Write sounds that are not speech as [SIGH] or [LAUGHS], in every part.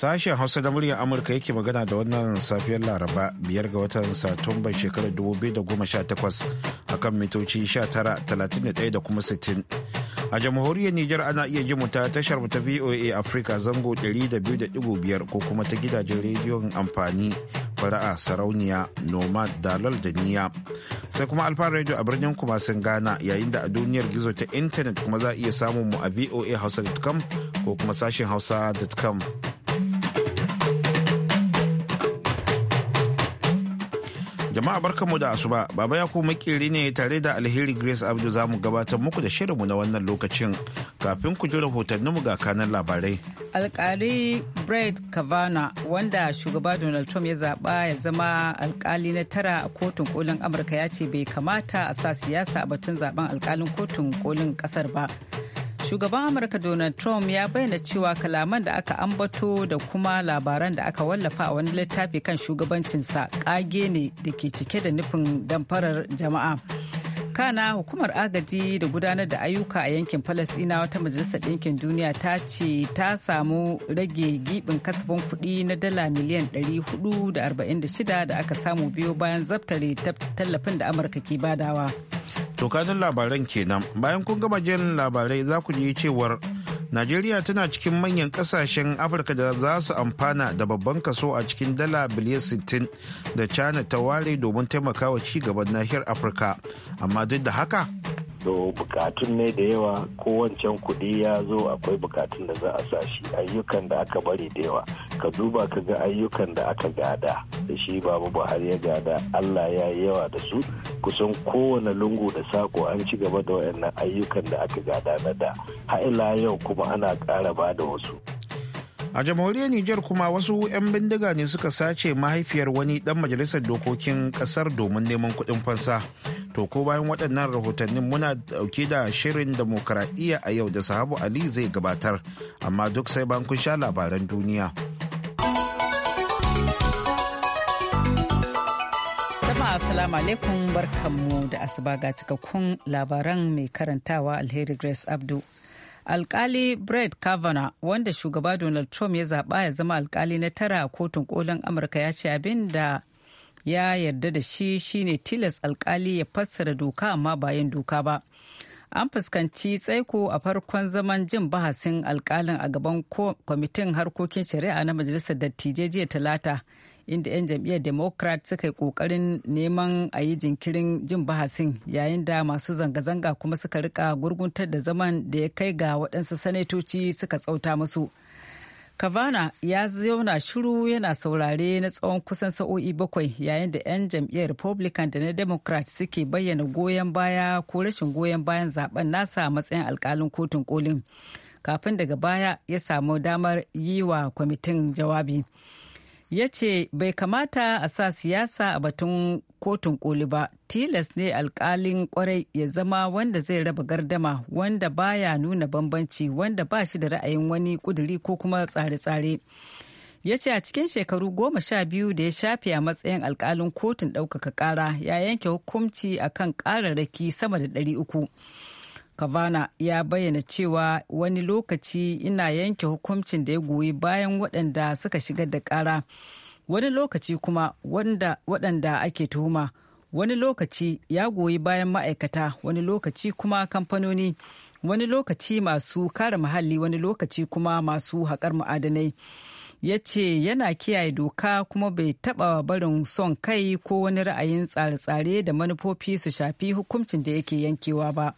Sashen Hausa da muryar Amurka yake magana da wannan safiyar Laraba biyar ga watan Satumba shekarar 2018 akan mitoci 19,31 da kuma 60. A jamhuriyar Nijar ana iya jin ta tashar ta VOA Africa zango 200.5 ko kuma ta gidajen rediyon amfani fara'a sarauniya nomad dalal da niya sai kuma alfa radio a birnin kuma sun gana yayin da a duniyar gizo ta intanet kuma za a iya samun mu a voa hausa.com ko kuma sashen hausa.com Jama'a barkanmu da asuba, Baba ya kuma makiri ne tare da Alheri Grace Abdu za mu gabatar muku da shirinmu na wannan lokacin kafin ku ji rahotanninmu ga kanan labarai. Alkali Brett Kavanaugh wanda shugaba Donald Trump ya zaba ya zama alkali na tara a kotun kolin Amurka ya ce bai kamata a sa siyasa a batun zaben alkalin kotun kolin kasar ba. shugaban amurka donald trump ya bayyana cewa kalaman da aka ambato da kuma labaran da aka wallafa a wani littafi kan shugabancinsa kage ne da ke cike da nufin damfarar jama'a kana hukumar agaji da gudanar da ayyuka a yankin falasɗinawa wata majalisar ɗinkin duniya ta ce ta samu rage gibin kasafin kuɗi na dala miliyan 446 da aka samu biyo bayan zabtare tallafin da amurka ke badawa tokanin labaran kenan bayan kun gama jin labarai za ku ji cewar najeriya tana cikin manyan kasashen afirka da za su amfana da babban kaso a cikin dala biliyan 60 da china ta ware domin taimakawa ci gaban nahiyar afirka amma duk da haka do bukatun ne da yawa ko wancan kudi ya zo akwai bukatun da za a sa shi ayyukan da aka bari da yawa ka duba ka ga ayyukan da aka gada da shi babu buhari ya gada allah ya yi yawa da su kusan kowane lungu da sako an ci gaba da wayannan ayyukan da aka gada na da ha'ila yau kuma ana kara ba da wasu a jamhuriyar niger kuma wasu 'yan bindiga ne suka sace mahaifiyar wani dan majalisar dokokin kasar domin neman kuɗin fansa To ko bayan waɗannan rahotannin muna dauke da shirin demokaradiyya a yau da sahabu Ali zai gabatar, amma duk sai ban kun sha labaran duniya. Assalamu alaikum barkanmu da asuba ga cikakkun labaran mai karantawa Alheri Grace Abdu. alkali brett kavanaugh wanda shugaba donald trump ya zaba ya zama alkali na tara a kotun kolin amurka ya ce abin da ya yarda da shi shine tilas alkali ya fassara doka amma bayan doka ba an fuskanci tsaiko a farkon zaman jin bahasin alkalin a gaban kwamitin harkokin shari'a na majalisar dattijai jiya talata inda 'yan jam'iyyar democrat suka yi kokarin neman a yi jinkirin jin bahasin yayin da masu zanga-zanga kuma suka rika gurguntar da zaman da ya kai ga waɗansu sanatoci suka tsauta musu. kavana ya zauna shiru yana saurare na tsawon kusan sa'o'i bakwai yayin da 'yan jam'iyyar republican da na democrat suke bayyana goyon baya ko rashin goyon bayan zaben nasa matsayin alkalin kotun kolin kafin daga baya ya samu damar yi wa kwamitin jawabi ya ce bai kamata a sa siyasa a batun kotun koli ba tilas ne alkalin kwarai ya zama wanda zai raba gardama wanda baya nuna bambanci wanda ba shi da ra'ayin wani kuduri ko kuma tsare-tsare ya ce a cikin shekaru goma sha biyu da ya shafe a matsayin alkalin kotun ɗaukaka ƙara ya yanke hukunci akan ƙararraki sama da ɗari uku. kavana ya bayyana cewa wani lokaci ina yanke hukuncin da ya goyi bayan waɗanda suka shigar da ƙara wani lokaci kuma waɗanda ake tuhuma wani lokaci ya goyi bayan ma'aikata wani lokaci kuma kamfanoni wani lokaci masu kare muhalli wani lokaci kuma masu haƙar ma'adanai ya ce yana kiyaye doka kuma bai taɓa barin son kai ko wani ra'ayin tsare-tsare da manufofi su shafi hukuncin da yake yankewa ba.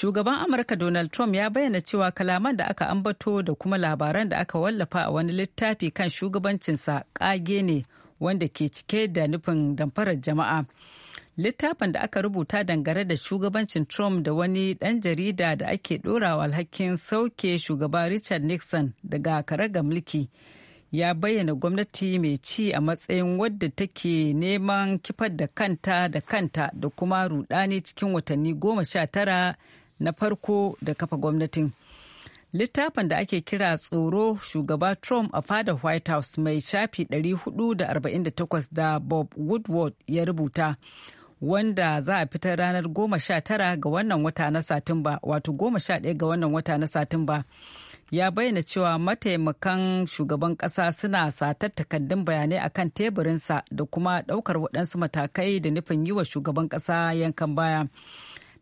shugaban amurka donald trump ya bayyana cewa kalaman da aka ambato da kuma labaran da aka wallafa a wani littafi kan shugabancinsa kage ne wanda ke cike da nufin damfarar jama'a littafin da aka rubuta dangare da shugabancin trump da wani ɗan jarida da ake ɗorawa alhakin sauke shugaba richard nixon daga ga mulki ya bayyana gwamnati mai ci a matsayin wadda take neman kifar da kanta da kanta da kuma rudani cikin watanni goma sha tara na farko da kafa gwamnatin. Littafin da ake kira tsoro shugaba Trump a fada White House mai shafi 448 da Bob Woodward ya rubuta. wanda za a fitar ranar goma sha tara ga wannan wata na satumba wato 11 ga wannan wata na satumba ya bayyana cewa mataimakan shugaban ƙasa suna satar takaddun bayanai akan teburinsa da kuma ɗaukar waɗansu matakai da nufin yi wa shugaban ƙasa yankan baya.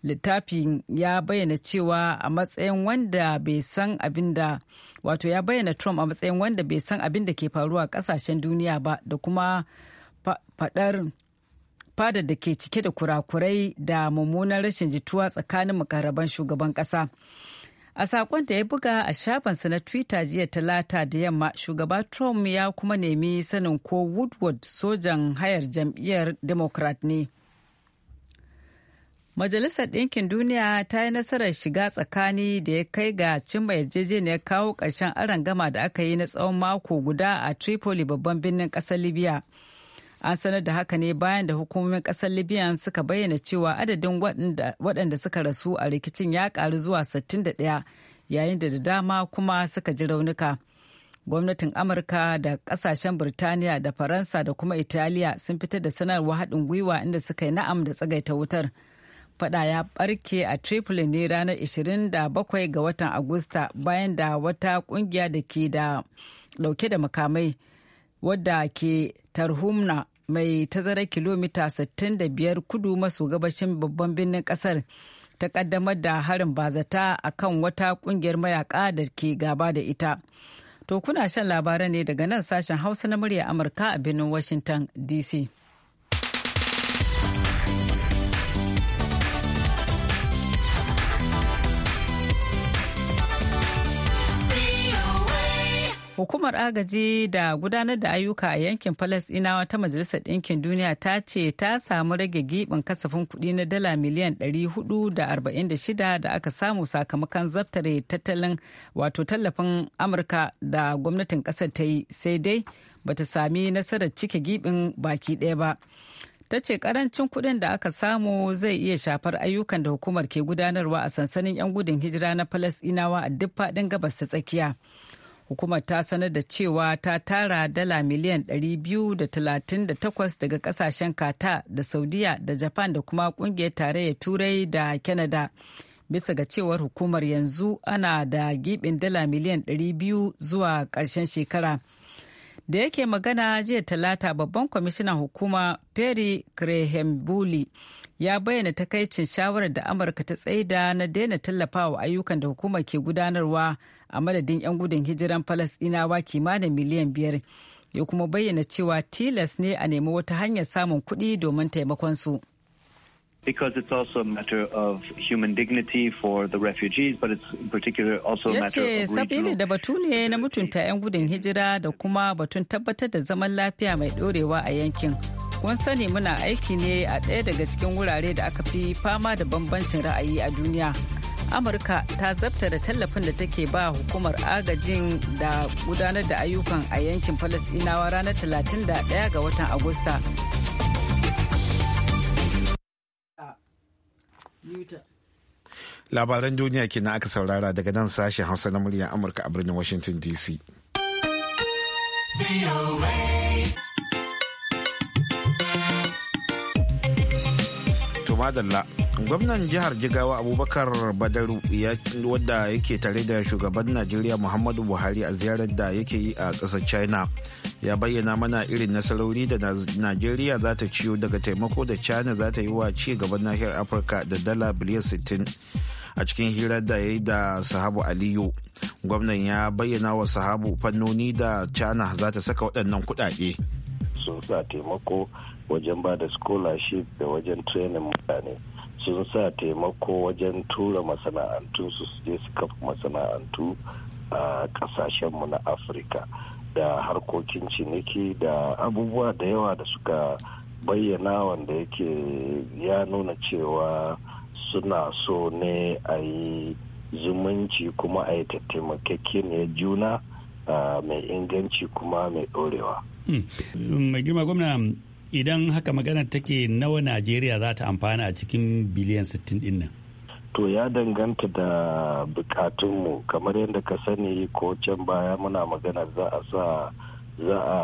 littafin ya bayyana cewa a matsayin wanda bai san abin da wato ya bayyana trump a matsayin wanda bai san abin da ke faruwa a kasashen duniya ba da kuma fadar fadar da ke cike da kurakurai da mummunan rashin jituwa tsakanin makaraban shugaban kasa a sakon da ya buga a shafinsa na twitter jiya talata da yamma shugaba trump ya kuma nemi sanin ko woodward sojan hayar jam'iyyar democrat ne Majalisar Ɗinkin Duniya ta yi nasarar shiga tsakani da ya kai ga cimma yarjejeniyar kawo ƙarshen gama da aka yi na tsawon mako guda a Tripoli babban birnin ƙasar Libya. An sanar da haka ne bayan da hukumomin ƙasar Libya suka bayyana cewa adadin waɗanda suka rasu a rikicin ya ƙaru zuwa 61 yayin da da dama kuma suka ji raunuka. gwamnatin amurka da ƙasashen birtaniya da faransa da kuma italiya sun fitar da sanarwa haɗin gwiwa inda suka yi na'am da tsagaita wutar fada ya barke a tripoli ne ranar 27 ga watan agusta bayan da wata kungiya da ke da dauke da makamai wadda ke tarhumna mai tazarar kilomita 65 kudu maso gabashin babban birnin kasar ta kaddamar da harin bazata a kan wata kungiyar mayaka da ke gaba da ita to kuna shan labaran ne daga nan sashen hausa na murya amurka a birnin washington dc Hukumar agaji da gudanar da ayyuka a yankin Falasdinawa ta Majalisar Ɗinkin Duniya ta ce ta samu rage giɓin kasafin kuɗi na dala miliyan 446 da aka samu sakamakon zaftare tattalin wato tallafin Amurka da gwamnatin ƙasar ta yi sai dai bata sami nasarar cike giɓin baki ɗaya ba. ta ce karancin kuɗin da aka samu zai iya shafar ayyukan da hukumar ke gudanarwa a sansanin 'yan gudun hijira na falasɗinawa a duk faɗin gabas ta tsakiya. hukumar ta sanar da cewa ta tara dala miliyan 238 daga kasashen kata da saudiya da japan da kuma kungiyar tarayyar turai da canada bisa ga cewar hukumar yanzu ana da gibin dala miliyan 200 zuwa ƙarshen shekara da yake magana jiya talata babban kwamishinan hukuma perry krehembuli ya bayyana takaicin shawarar da amurka ta tsaida na daina tallafawa ayyukan da hukumar ke gudanarwa a madadin 'yan gudun hijiran falasdinawa kimanin miliyan biyar ya kuma bayyana cewa tilas ne a nemi wata hanyar samun kuɗi domin taimakon su. because it's da batu ne na mutunta 'yan gudun hijira da kuma batun tabbatar da zaman lafiya mai ɗorewa a yankin. kun sani muna aiki ne a ɗaya daga cikin wurare da aka fi fama da bambancin ra'ayi a duniya amurka ta zabta da tallafin da take ba hukumar agajin da gudanar da ayyukan a yankin falasɗinawa ranar 31 ga watan agusta labaran duniya kenan aka saurara daga nan sashen hausa na muryar amurka a birnin washington dc madalla gwamnan jihar jigawa abubakar badaru wadda yake tare da shugaban najeriya muhammadu buhari a ziyarar da yake yi a ƙasar china ya bayyana mana irin nasarori da najeriya za ta ciyo daga taimako da china za ta yi wa ci gaban nahiyar afirka da dala biliyan 60 a cikin hira da ya yi da sahabu aliyu gwamnan ya bayyana wa sahabu fannoni da china za ta saka waɗannan kuɗaɗe. sun sa taimako wajen ba da scholarship da wajen training mutane sun sa taimako wajen tura masana'antu su je su kafa masana'antu a kasashenmu na afirka da harkokin ciniki da abubuwa da yawa da suka bayyana wanda yake ya nuna cewa suna so ne a yi zumunci kuma a yi ne juna mai inganci kuma mai ɗorewa. Hmm. mai girma gwamna idan haka maganar take nawa najeriya za ta amfana a cikin biliyan 60 din nan to ya danganta da bukatunmu kamar yadda ka sani ko can baya muna magana za a sa za a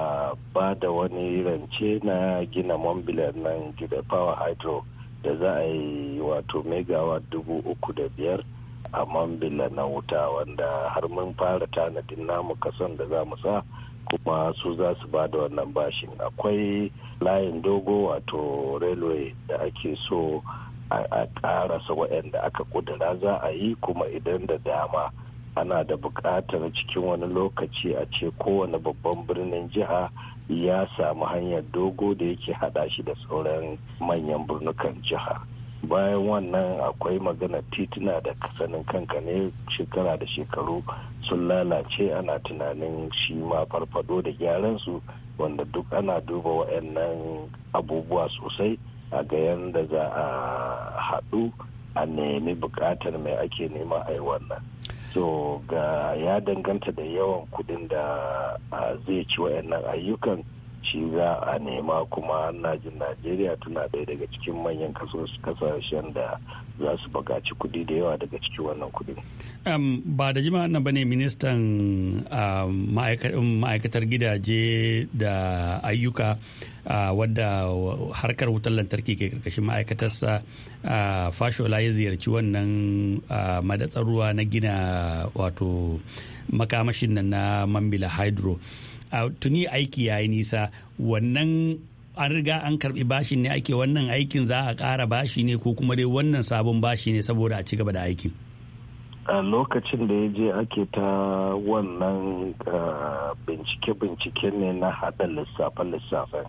ba da wani rance na gina mambilan nan gida power hydro da za a yi wato megawa dubu uku da biyar a mambila na wuta wanda har mun fara tanadin namu kasan da za mu sa kuma su za su ba da wannan bashin akwai layin dogo wato railway da ake so a karasa waɗanda aka kudura za a yi kuma idan da dama ana da buƙatar cikin wani lokaci a ce kowane babban birnin jiha ya samu hanyar dogo da yake hada shi da sauran manyan birnukan jiha bayan wannan akwai magana tituna da sanin kanka ne shekara da shekaru sun lalace ana tunanin shi ma farfado da gyaran su wanda duk ana duba waɗannan abubuwa sosai a ga yadda za a haɗu a nemi buƙatar mai ake nema a yi wannan so ga ya danganta da yawan kuɗin da zai ci waɗannan ayyukan shi za a nema kuma na jin najeriya tana ɗaya daga cikin manyan kasashen da za su buƙaci kudi da yawa daga cikin wannan kuɗi. ba da jima nan ba ne ministan ma'aikatar gidaje da ayyuka wadda harkar wutar lantarki ke karkashin ma'aikatarsa fashola ya ziyarci wannan madatsar ruwa na gina wato makamashin nan na mambila hydro tuni aiki ya yi nisa wannan an riga an karbi bashin ne ake wannan aikin za a kara bashi ne ko kuma dai wannan sabon bashi ne saboda a ci gaba da aikin a lokacin da ya je ake ta wannan bincike-bincike ne na haɗa lissafe-lissafen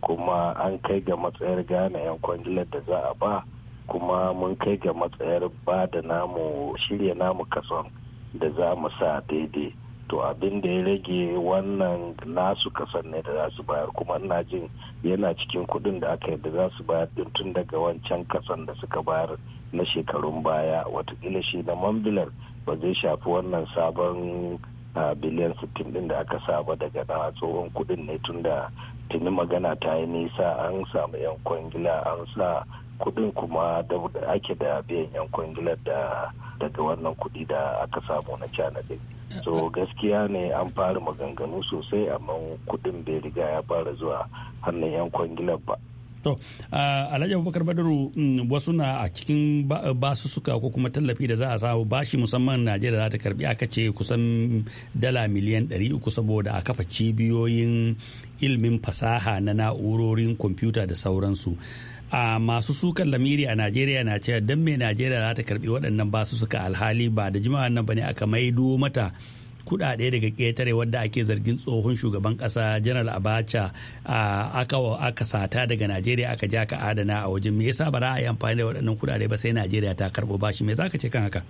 kuma an kai ga matsayar gane 'yan kwangilar da za a ba kuma mun kai ga matsayar ba da namu shirya namu kason da za mu sa daidai to abin da ya rage wannan nasu kasan ne da za su bayar kuma ina jin yana cikin kuɗin da aka yadda za su bayar din tun daga wancan kasan da suka bayar na shekarun baya watakila shi na mambilar ba zai shafi wannan sabon biliyan 60 din da aka saba daga na tsohon kuɗin ne tun da tuni magana ta yi nisa an samu 'yan kwangila an sa kudin kuma da ake da biyan yan kwangilar da daga wannan kudi da aka samu na cana din so gaskiya ne an fara maganganu sosai amma kudin bai riga ya fara zuwa hannun yan kwangilar ba To, Alhaji Abubakar Badaru mm, wasu na a cikin basu suka ko kuma tallafi da za a samu bashi musamman Najeriya za ta karbi aka ce kusan dala miliyan 300 saboda a kafa cibiyoyin ilmin fasaha na na'urorin kwamfuta da sauransu. a masu sukan lamiri a najeriya na cewa don me najeriya za ta karbi waɗannan suka alhali ba da jimawa nan bane aka maido mata kudade daga ƙetare wadda ake zargin tsohon shugaban ƙasa janar abacha aka sata daga najeriya aka ja ka adana a wajen me yasa ba za a yi amfani da waɗannan kuɗaɗe ba sai najeriya ta karɓo bashi me za ka ce kan haka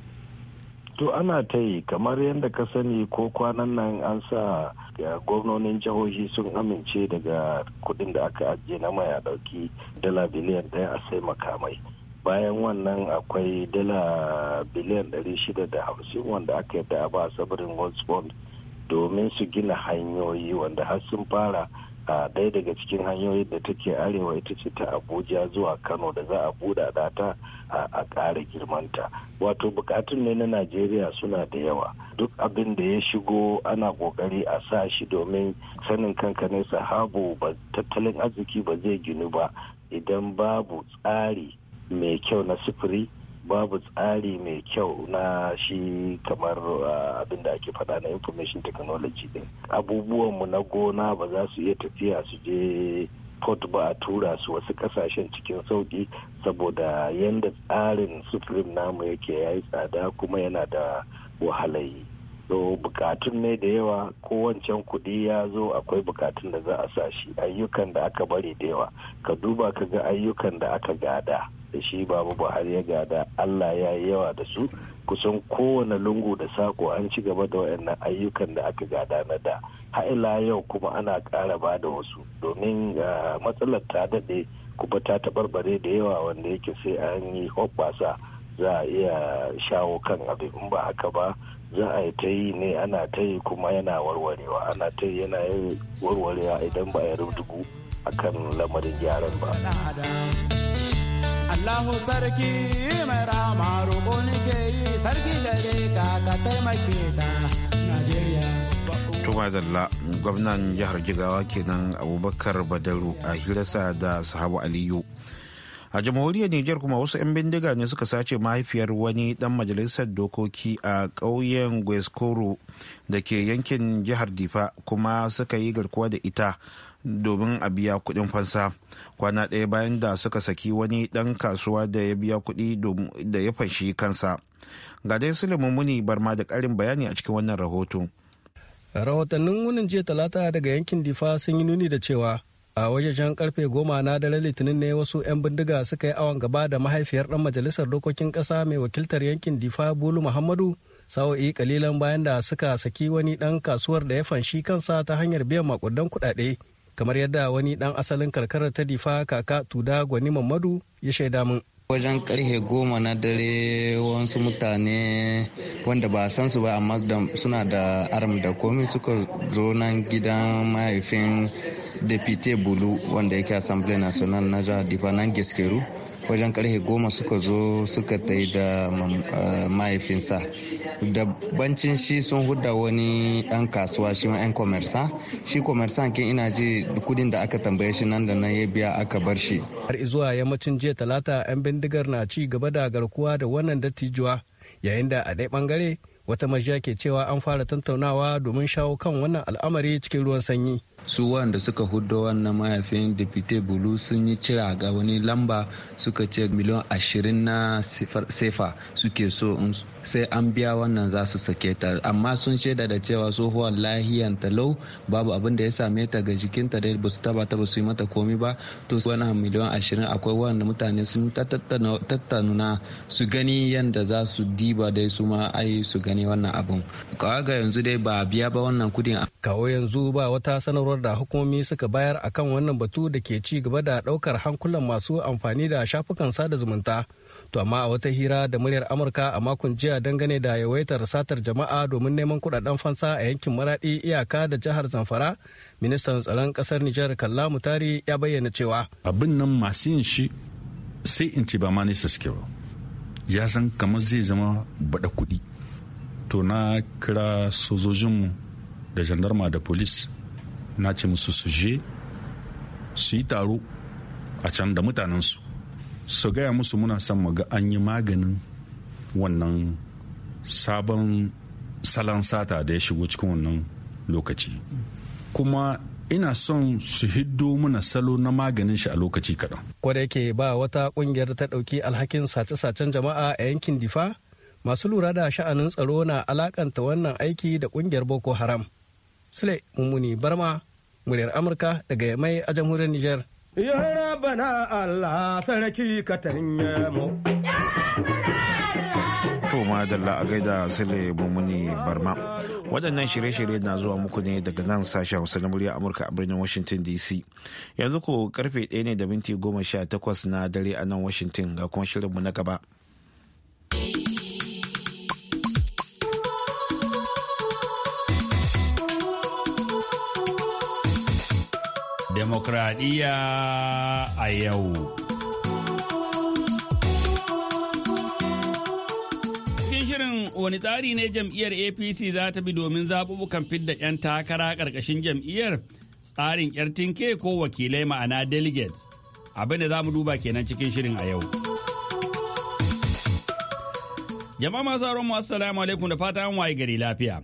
to ana ta yi kamar yadda ka sani ko kwanan nan an sa ga gwamnonin jihohi sun amince daga kudin da aka ajiye na mai a dauki dala biliyan daya a sai makamai bayan wannan akwai dala biliyan 650 wanda aka yi a ba sabirin world fund domin su gina hanyoyi wanda har sun fara a ɗaya daga cikin hanyoyin da take arewa ita ce ta abuja zuwa kano da za a buɗaɗa ta a ƙara girmanta wato bukatun ne na najeriya suna da yawa duk abin da ya shigo ana ƙoƙari a sa shi domin sanin kanka ne sahabu ba tattalin arziki ba zai ginu ba idan babu tsari mai kyau na sufuri babu tsari mai kyau na shi kamar ah, abin da ake faɗa na information technology din abubuwanmu na gona ba za su iya tafiya su je port ba a tura su wasu kasashen cikin sauƙi saboda yadda tsarin supreme namu yake ya yi tsada kuma yana da wahalayi so bukatun ne da yawa ko wancan kuɗi ya zo akwai bukatun da za a sa shi ayyukan da aka bari da yawa ka duba ka ga ayyukan da aka gada da shi babu buhari ya gada allah ya yi yawa da su kusan kowane lungu da sako an ci gaba da waɗannan ayyukan da aka gada na da ha'ila yau kuma ana ƙara ba da wasu domin ah, matsalar ta daɗe kuma ta taɓarɓare da yawa wanda yake sai an yi hoɓɓasa za a iya shawo kan abin ba haka ba za a yi ta yi ne ana ta yi kuma yana warwarewa ana ta yi yana yi warwarewa idan ba a yi rubutu a kan lamarin gyaran ba. Allahu sarki mai rama roƙo ke yi sarki gare ka ka taimake ta Najeriya. Dalla, gwamnan jihar Jigawa kenan Abubakar Badaru a hirasa da Sahabu Aliyu. a jamhuriyar niger kuma wasu 'yan bindiga ne suka sace mahaifiyar wani dan majalisar dokoki a ƙauyen guescoro da ke yankin jihar difa kuma suka yi garkuwa da ita domin a biya kudin fansa kwana ɗaya bayan da suka saki wani ɗan kasuwa da ya biya kuɗi da ya fanshi kansa ga dai suleiman muni barma da ƙarin bayani a cikin wannan rahoto. rahotannin wunin jiya talata daga yankin difa sun yi nuni da cewa a wajejen karfe goma na dare litinin ne wasu 'yan bindiga suka yi awon gaba da mahaifiyar dan majalisar dokokin kasa mai wakiltar yankin difa bulu muhammadu sa'o'i kalilan bayan da suka saki wani dan kasuwar da ya fanshi kansa ta hanyar biyan makudan kuɗaɗe kamar yadda wani dan asalin karkarar ta difa kaka tuda gwani mamadu ya shaida min wajen karfe goma na dare wasu mutane wanda ba san su ba amma suna da arm da komi suka zo nan gidan mahaifin deputy bulu wanda yake assembly national na jihar difa nan geskeru wajen karfe goma suka zo suka tai da eh, mahaifinsa da bancin shi sun huda wani dan kasuwa shi ma yan komersa shi komersa kin ina ji kudin da aka tambaye shi nan da nan ya biya aka bar shi har zuwa yammacin jiya talata yan bindigar na ci gaba da garkuwa da wannan dattijuwa yayin da a ɗaya bangare wata majiya ke cewa an fara tattaunawa domin shawo kan wannan al'amari cikin ruwan sanyi su wanda suka hudu wannan mahaifin depute bulu sun yi cira ga wani lamba suka ce miliyan ashirin na sefa suke so sai an biya wannan za su sake ta amma sun shaida da cewa tsohuwar lahiyan talau babu abin da ya same ta ga jikinta dai ba su taba ta ba su yi mata komi ba to wani miliyan ashirin akwai wanda mutane sun tattanuna su gani yadda za su diba dai su ma ai su gani wannan abin kawai ga yanzu dai ba biya ba wannan kudin kawo yanzu ba wata sanarwar da hukumomi suka bayar a kan wannan batu da ke ci gaba da ɗaukar hankulan masu amfani da shafukan sada zumunta. To amma a wata hira da muryar Amurka a makon jiya dangane da yawaitar satar jama'a domin neman kudaden fansa a yankin Maradi iyaka da jihar Zamfara, ministan tsaron kasar Nijar Kalla Mutari ya bayyana cewa. Abin nan masu yin shi sai in ce ba ma nesa suke ba. Ya san kamar zai zama bada kuɗi. To na kira sojojinmu da jandarma da polis na ce musu su je su yi taro a can da mutanensu su gaya musu muna son mu ga an yi maganin wannan sabon salon sata da ya shigo cikin wannan lokaci kuma ina son su hiddo mana salo na maganin shi a lokaci kaɗan. ko yake ba wata kungiyar ta ɗauki alhakin sace-sacen jama'a a yankin difa masu lura da sha'anin tsaro na alakanta wannan aiki da kungiyar boko haram sule mummuni barma muryar amurka daga yamai a jamhuriyar niger ya rabana allah sarki ka mu to madalla a gaida sule muni barma waɗannan shirye-shirye na zuwa muku ne daga nan sashen hausa na murya amurka a birnin washington dc yanzu ko karfe 1 ne da minti 18 na dare a nan washington ga kuma shirinmu na gaba demokradiyya a yau. Cikin shirin wani tsari ne jam'iyyar APC za ta bi domin zaɓuɓɓukan fidda 'yan takara ƙarƙashin jam'iyyar tsarin 'yar tinke ko wakilai ma'ana delegates. abinda za mu duba kenan cikin shirin a yau. Jama'a masu mu assalamu alaikum da fata an waye gari lafiya.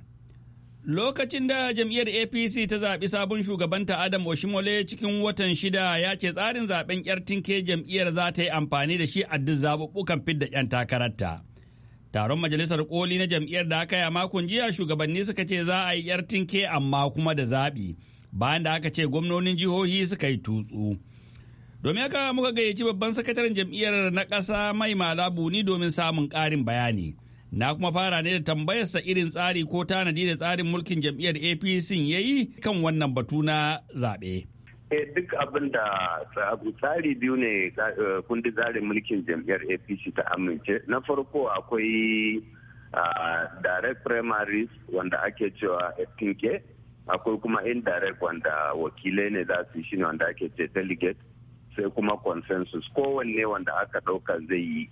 Lokacin da jam'iyyar APC ta zaɓi sabon shugabanta Adam Oshimole cikin watan shida ya ce tsarin zaɓen ‘yar tinke jam'iyyar za ta yi amfani da shi a duk zaɓuɓɓukan fidda ‘yan takararta. Taron majalisar koli na jam'iyyar da aka yi a makon jiya shugabanni suka ce za a yi ‘yar tinke amma kuma da zaɓi bayan da aka ce gwamnonin jihohi suka yi tutsu. Domin haka muka gayyaci babban sakataren jam'iyyar na ƙasa Mai Malabu ni domin samun ƙarin bayani. Na kuma fara ne da tambayarsa irin tsari ko tanadi da tsarin mulkin jam'iyyar APC ya yi kan wannan batu na zaɓe. Eh, duk abin da tsari biyu ne eh, kundi tsarin mulkin jam'iyyar APC ta amince. Na farko akwai direct primaries wanda ake cewa tinke akwai kuma indirect wanda wakilai ne za su shi wanda ake ce delegate sai kuma consensus kowanne wanda aka ɗauka zai yi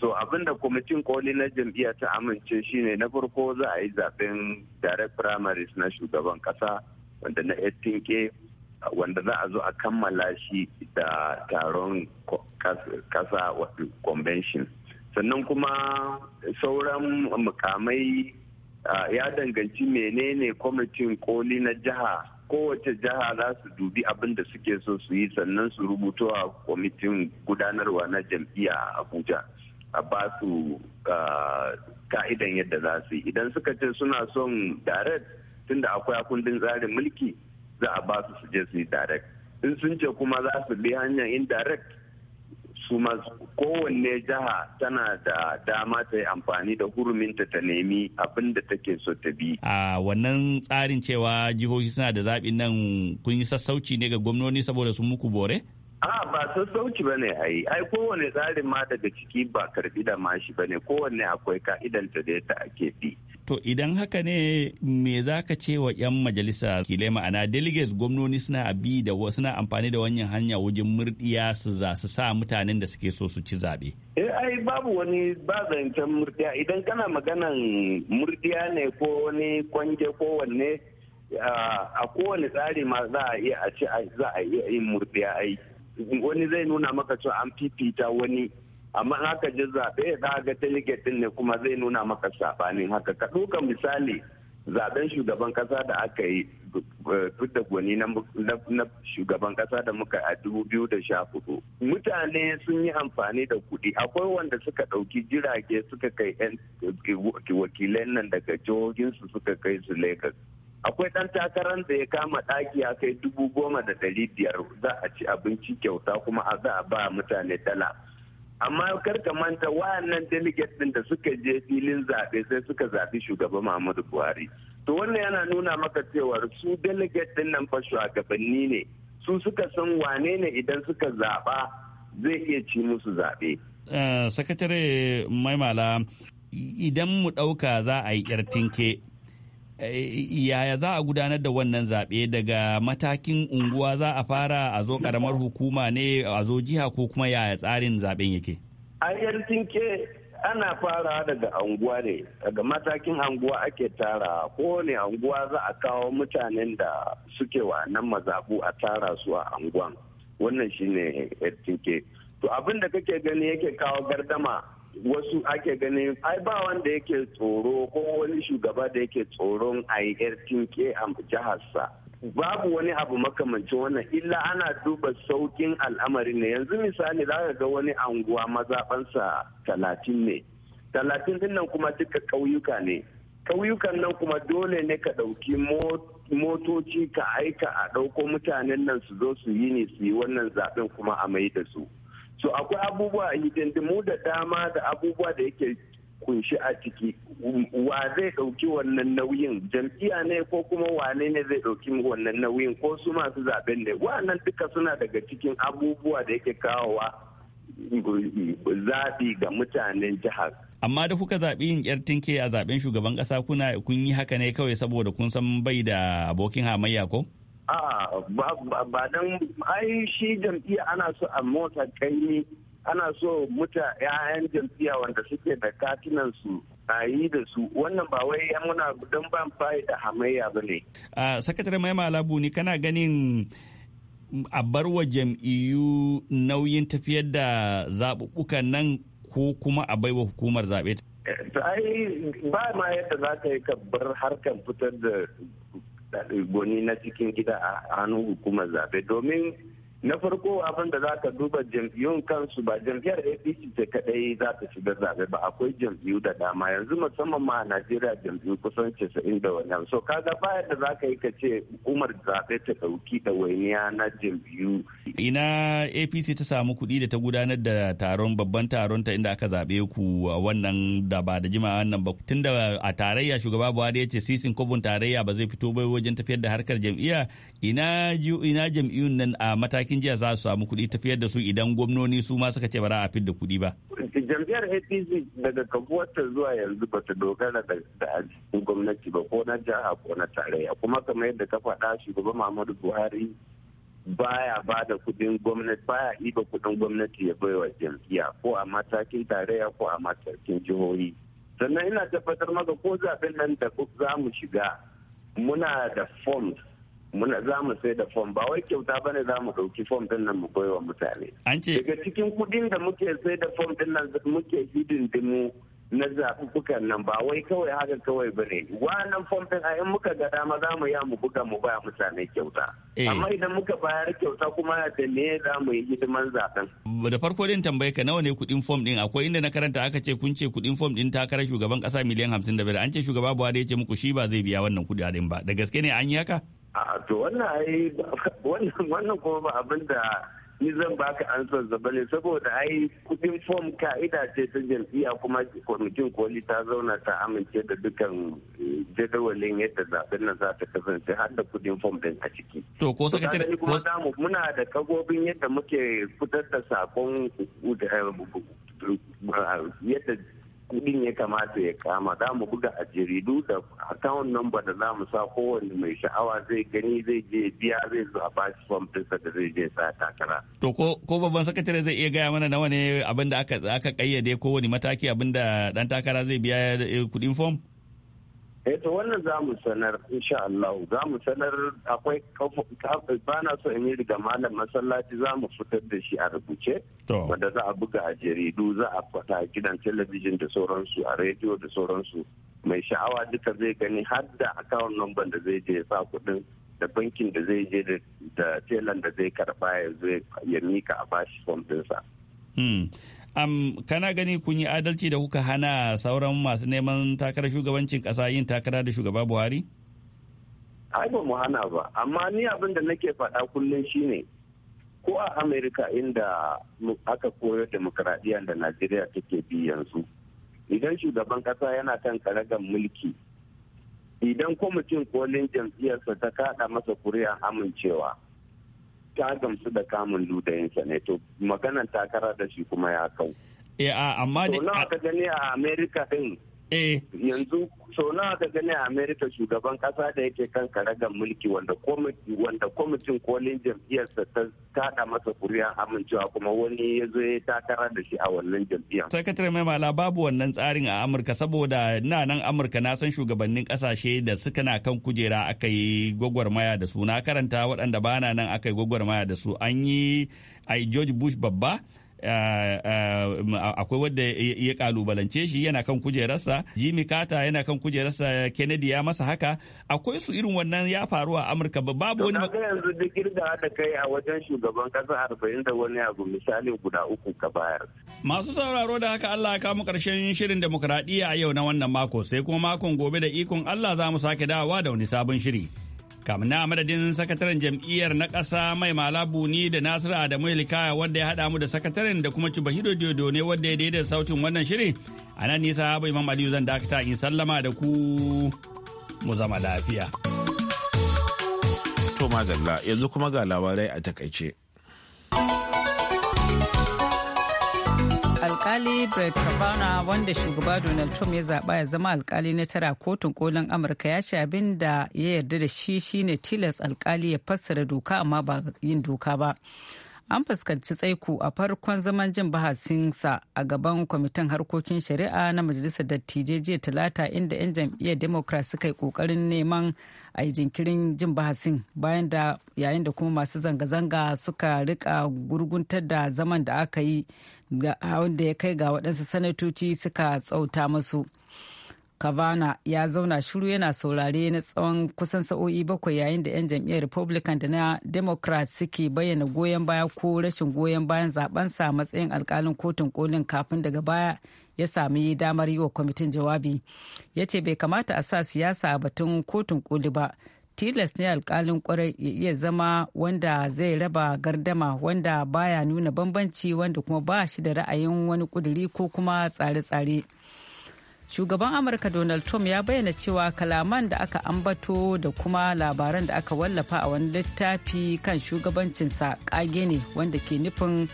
so abinda kwamitin koli na jam'iyya ta amince shine na farko za a yi zaben direct primaries na shugaban kasa wanda na 18 wanda za a zo a kammala shi da taron kasa convention sannan kuma sauran mukamai ya danganci menene kwamitin koli na jiha kowace jiha za su dubi abin da suke so su yi sannan su rubuto a kwamitin gudanarwa na jam'iyya a abuja a ba su ka'idan yadda za su yi idan suka ce suna son direct tunda akwai kundin tsarin mulki za a ba su su je su yi direct in sun ce kuma za su bi hanyar indirect su kowanne jiha tana da dama ta yi amfani da huruminta ta nemi abin da take so ta bi. A wannan tsarin cewa jihohi suna da zaɓin nan kun yi sassauci ne ga gwamnoni saboda sun muku bore? a ba sassauci ba ne a yi ai kowane tsarin ma daga ciki ba karbi da mashi ba ne kowanne akwai ka'idanta da ta ake bi to idan haka ne me za ka ce wa 'yan majalisa kilai ma'ana delegates gwamnoni suna bi da suna amfani da wannan hanya wajen murdiya su za su sa mutanen da suke so su ci zaɓe? eh ai babu wani ba zancen murdiya idan kana maganan murdiya ne ko wani kwanje ko wanne a kowane tsari ma za a iya a ci za a iya yin murdiya aiki wani zai nuna maka cewa an fifita wani amma haka ji zaɓe za ga delegate ne kuma zai nuna maka saɓanin haka ka ɗauka misali zaɓen shugaban kasa da aka yi eh, da gwani na shugaban kasa da muka a dubu biyu da sha hudu mutane sun yi amfani da kuɗi akwai wanda suka ɗauki jirage suka kai eh, wakilan nan daga jihohinsu suka kai su lagos akwai ɗan takarar da ya kama ɗaki ya kai dubu goma da ɗari biyar za a ci abinci kyauta kuma a za a ba mutane dala amma kar ka manta wayannan delegates ɗin da suka je filin zaɓe sai suka zaɓi shugaba muhammadu buhari to wannan yana nuna maka cewa su delegates ɗin nan fa shugabanni ne su suka san wane ne idan suka zaɓa zai iya ci musu zaɓe. Eh, sakatare maimala idan mu ɗauka za a yi yar tinke Eh, yaya za a gudanar da wannan zaɓe daga matakin unguwa za a fara a zo ƙaramar hukuma ne a zo jiha ko kuma yaya tsarin zaɓen yake? A ke ana fara daga anguwa ne daga matakin anguwa ake tara ko kowane anguwa za a kawo mutanen da suke wa nan mazaɓu a tara su a anguwan wannan shine yartinke to abin da kake gani yake kawo gardama wasu ake ganin ai ba wanda yake tsoro ko wani shugaba da yake tsoron a yi tinke a jiharsa babu wani abu makamancin wannan illa ana duba saukin al'amari ne yanzu misali za ga wani anguwa mazaɓansa talatin ne talatin din nan kuma duka ƙauyuka ne ƙauyukan nan kuma dole ne ka ɗauki motoci ka aika a ɗauko mutanen nan su zo su yi ne su yi wannan zaɓen kuma a mai da su so akwai abubuwa hidindimu da dama da abubuwa da yake kunshi a ciki wa zai ɗauki wannan nauyin jam'iyya ne ko kuma wane ne zai ɗauki wannan nauyin ko su masu zaben ne wannan duka suna daga cikin abubuwa da yake kawowa zaɓi ga mutanen jihar amma da kuka zaɓi yin yar tinke a zaɓen shugaban ƙasa kuna kun yi haka ne kawai saboda kun san bai da abokin hamayya ko a ba dan ai shi jam'iyya ana so a mota kaini ana so muta 'ya'yan jam'iyya wanda suke da katinan su a yi da su wannan ba wai ya muna don ban fayi da hamayya ba ne. sakatare mai malabu ni kana ganin a barwa jam'iyyu nauyin tafiyar da zaɓuɓɓukan nan ko kuma a baiwa hukumar zaɓe. Eh, ai ba ma yadda za ka yi ka bar harkar fitar da goni na cikin gida a hannun hukumar zaɓe domin na farko abin da za ka duba jam'iyyun kansu ba jam'iyyar apc ce kadai za ta shiga zaɓe ba akwai jam'iyyu da dama yanzu musamman ma a najeriya jam'iyyu kusan casa'in da wani so kaga baya da za ka yi ka ce hukumar zaɓe ta ɗauki ɗawainiya na jam'iyyu. ina apc ta samu kuɗi da ta gudanar da taron babban taron ta inda aka zabe ku wannan da ba da jimawa wannan ba tun da a tarayya shugaba buhari ya ce sisin kobin tarayya ba zai fito bai wajen tafiyar da harkar jam'iyya ina ina jam'iyyun nan a matakin cikin jiya za su samu kuɗi tafiyar da su idan gwamnoni su ma suka ce ba za a fidda kuɗi ba. jam'iyyar apc daga kabuwarta zuwa yanzu ba ta dogara da ajiyar gwamnati ba ko na jiha ko na tarayya kuma kamar yadda ka faɗa shugaba muhammadu buhari baya ba da kuɗin gwamnati baya iba kuɗin gwamnati ya baiwa jam'iyya ko a matakin tarayya ko a matakin jihohi sannan ina tabbatar maka ko zaɓen nan da za mu shiga muna da forms muna za mu sai da fom ba wai kyauta bane za mu ɗauki fom din nan mu wa mutane daga cikin kuɗin da muke sai da fom din nan muke hidindimu na zaɓuɓɓukan nan ba wai kawai haka kawai ba ne wannan din a in muka ga dama za mu ya mu buga mu baya mutane kyauta eh. amma idan muka bayar kyauta kuma da me za mu yi hidiman zaɓen. da farko din tambaye ka nawa ne kuɗin fom ɗin akwai inda na karanta aka ce kun ce kuɗin fom ɗin takarar shugaban kasa miliyan hamsin da biyar an ce shugaba buhari ya ce muku shi ba zai biya wannan kudaden ba da gaske ne an yi haka. a to [LAUGHS] wannan kuma ba abin da ni zan baka ansar da ne saboda ai kudin fom ka'ida ce ta jam'iyya kuma kwamitin koli ta zauna ta amince da dukkan eh, jadawalin yadda zaben nan za ta kasance har da kudin fom din a ciki. To ko sakatare zamu muna da kagobin yadda muke fitar da sakon eh, yadda kudin ya kamata ya kama za mu buga a jaridu da account number da za mu sa kowane mai sha'awa zai gani zai je biya zai zo a bashi form ɗinsa da zai je sa takara. To ko babban sakatare zai iya gaya mana nawa ne abin da aka kayyade kowane mataki abin da ɗan takara zai biya eh, kudin form? Eto eh, wannan za mu sanar insha Allah za mu sanar akwai ba na so in yi riga malam masallaci za mu fitar da shi a rubuce wanda za a buga a jaridu za a fata a gidan talabijin da sauransu a rediyo da sauransu mai sha'awa duka zai gani har da akawun number da zai je sa kuɗin da bankin da zai je da telan da zai karba ya mika a bashi fom ɗinsa. Hmm. Um, kana gani kun yi adalci da kuka hana sauran masu neman takarar shugabancin kasa yin takara da shugaba Buhari? Ai ba mu hana ba, amma ni abin da nake faɗa kullum shine ko a Amerika inda aka koyar demokradiyyar da Najeriya take bi yanzu. Idan shugaban kasa yana kan karagar mulki, idan kwamitin kolin jam'iyyarsa ta kaɗa masa kuri'a amincewa, ta gamsu da kamun ludayinsa ne to maganan takara da shi kuma ya kau. Eh amma da. To ka gani a Amerika din Eh. yanzu sau nawa ka gani a amerika shugaban kasa da yake kan karagar mulki wanda kwamitin kolin jam'iyyarsa ta kada masa kuri'an amincewa kuma wani ya zo ya takara da shi a wannan jam'iyyar. sakatare mai mala babu wannan tsarin a amurka saboda na nan amurka na san shugabannin kasashe da suka na kan kujera aka yi gwagwarmaya da su na karanta waɗanda ba na nan aka yi gwagwarmaya da su an yi a george bush babba Eh, eh, akwai wadda ya kalubalance shi yana kan kujerarsa jimmy carter yana kan kujerarsa kennedy ya masa haka akwai su irin wannan ya faru a amurka ba babu wani yanzu duk girga da kai a wajen shugaban kasa arba'in da wani abu misali guda uku ka bayar masu sauraro da haka allah ya kamu karshen shirin demokradiyya a yau na wannan mako sai kuma makon gobe da ikon allah za mu sake dawowa da wani sabon shiri na madadin sakataren jam'iyyar na ƙasa mai malabu ni da nasiru adamu ilikaya wanda ya haɗa mu da sakataren da kuma cibahiro diodo ne wanda ya daidai sautin wannan shirin a nan nisa habu imam aliyu zan dakata in sallama da ku mu zama lafiya. to zalla yanzu kuma ga labarai a takaice. alkali brett kavanaugh wanda shugaba donald trump ya zaba ya zama alkali na tara kotun kolin amurka ya ce abin da ya yarda da shi shine tilas alkali ya fassara doka amma ba yin doka ba an fuskanci tsaiku a farkon zaman jin bahasinsa a gaban kwamitin harkokin shari'a na majalisar dattijai jiya talata inda 'yan jam'iyyar democrat suka yi kokarin neman a yi jinkirin jin bahasin bayan da yayin da kuma masu zanga-zanga suka rika gurguntar da zaman da aka yi wanda ya kai ga waɗansu sanatoci suka tsauta masu. Kavana ya zauna shiru yana saurare na tsawon kusan sa'o'i bakwai yayin da 'yan jam'iyyar Republican da na Democrat suke bayyana goyon baya ko rashin goyon bayan zabensa matsayin alkalin kotun kolin kafin daga baya ya sami damar yi wa kwamitin jawabi. Ya ce bai kamata a sa siyasa a batun kotun koli ba. tilas ne alkalin kwarai ya iya zama wanda zai raba gardama wanda baya nuna bambanci wanda kuma ba shi da ra'ayin wani kuduri ko kuma tsare-tsare shugaban amurka donald trump ya bayyana cewa kalaman da aka ambato da kuma labaran da aka wallafa a wani littafi kan shugabancinsa kage ne wanda ke nufin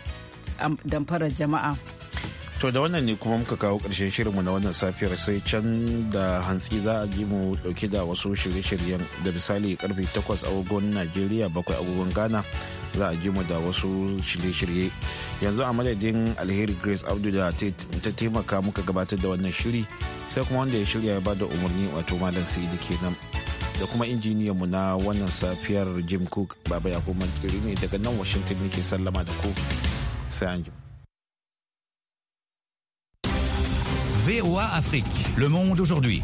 damfarar jama'a To da wannan ne kuma muka kawo ƙarshen shirinmu na wannan safiyar sai can da hantsi za a ji mu dauke da wasu shirye-shiryen da misali karfe 8 agogon Najeriya bakwai agogon Ghana za a ji mu da wasu shirye-shirye. Yanzu a madadin alheri Grace Abdu da ta taimaka muka gabatar da wannan shiri sai kuma wanda ya shirya ya bada umarni wato Malam Sidi kenan. da kuma mu na wannan safiyar jim cook baba ya kuma ne daga nan washington nake sallama da ku sai an BOA Afrique. Le monde aujourd'hui.